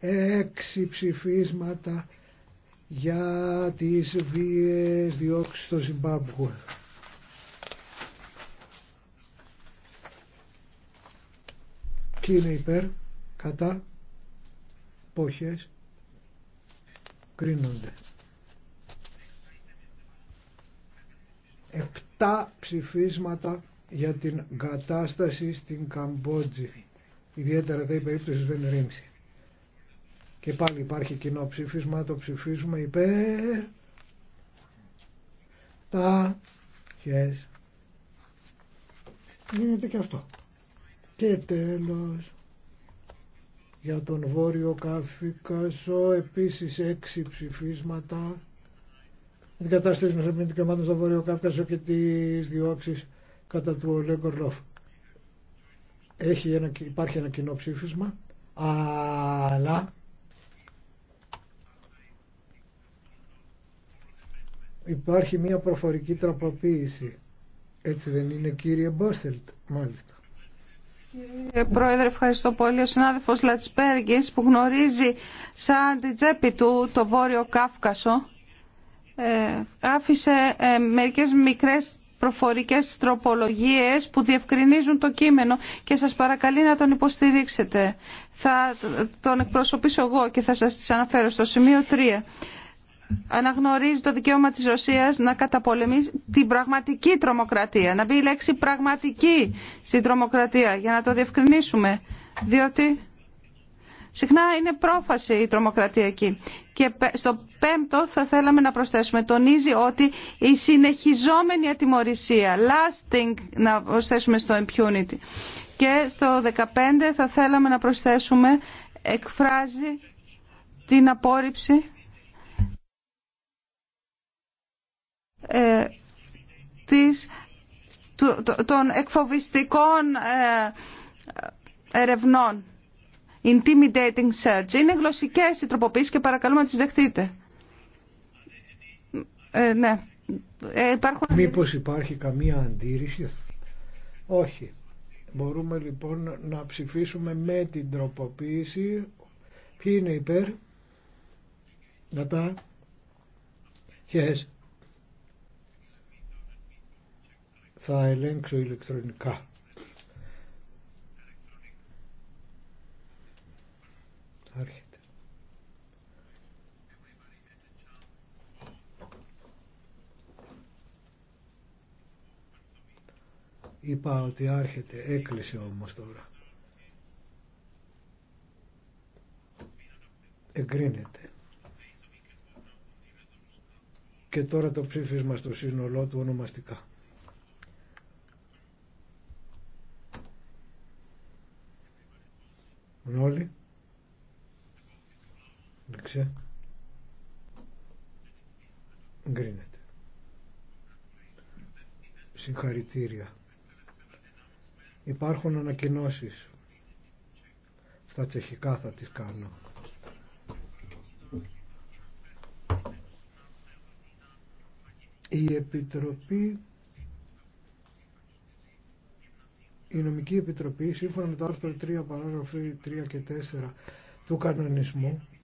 έξι ψηφίσματα για τις βίες διώξεις στο Ζιμπάμπουε. Ποιοι είναι υπέρ, κατά, πόχες, κρίνονται. Επτά ψηφίσματα για την κατάσταση στην Καμπότζη. Ιδιαίτερα δε η περίπτωση δεν και πάλι υπάρχει κοινό ψήφισμα, το ψηφίζουμε υπέρ. Τα. χες. Γίνεται και αυτό. Και τέλος. Για τον Βόρειο Κάφικασο επίσης έξι ψηφίσματα. Την κατάσταση των δικαιωμάτων στο Βόρειο Κάφικασο και τις διώξεις κατά του Ολέγκορ Έχει ένα, υπάρχει ένα κοινό ψήφισμα, αλλά Υπάρχει μια προφορική τροποποίηση. Έτσι δεν είναι κύριε Μπόσελτ, μάλιστα. Κύριε Πρόεδρε, ευχαριστώ πολύ. Ο συνάδελφο Λατσπέργη που γνωρίζει σαν την τσέπη του το Βόρειο Κάφκασο ε, άφησε ε, μερικές μικρές προφορικές τροπολογίες που διευκρινίζουν το κείμενο και σα παρακαλεί να τον υποστηρίξετε. Θα τον εκπροσωπήσω εγώ και θα σα τι αναφέρω στο σημείο 3 αναγνωρίζει το δικαίωμα της Ρωσίας να καταπολεμήσει την πραγματική τρομοκρατία. Να μπει η λέξη πραγματική στην τρομοκρατία για να το διευκρινίσουμε. Διότι συχνά είναι πρόφαση η τρομοκρατία εκεί. Και στο πέμπτο θα θέλαμε να προσθέσουμε. Τονίζει ότι η συνεχιζόμενη ατιμορρησία, lasting να προσθέσουμε στο impunity. Και στο 15 θα θέλαμε να προσθέσουμε εκφράζει την απόρριψη ε, των εκφοβιστικών ε, ερευνών. Intimidating search. Είναι γλωσσικές οι τροποποίησεις και παρακαλούμε να τις δεχτείτε. Ε, ναι. Ε, υπάρχουν... Μήπως υπάρχει καμία αντίρρηση. Όχι. Μπορούμε λοιπόν να ψηφίσουμε με την τροποποίηση. Ποιοι είναι υπέρ. Να τα. Yes. θα ελέγξω ηλεκτρονικά. Άρχεται. Είπα ότι άρχεται, έκλεισε όμως τώρα. Εγκρίνεται. Και τώρα το ψήφισμα στο σύνολό του ονομαστικά. όλοι. Δεξιά. Γκρίνεται. Συγχαρητήρια. Υπάρχουν ανακοινώσεις. Στα τσεχικά θα τις κάνω. Η Επιτροπή η Νομική Επιτροπή, σύμφωνα με το άρθρο 3, παράγραφοι 3 και 4 του κανονισμού,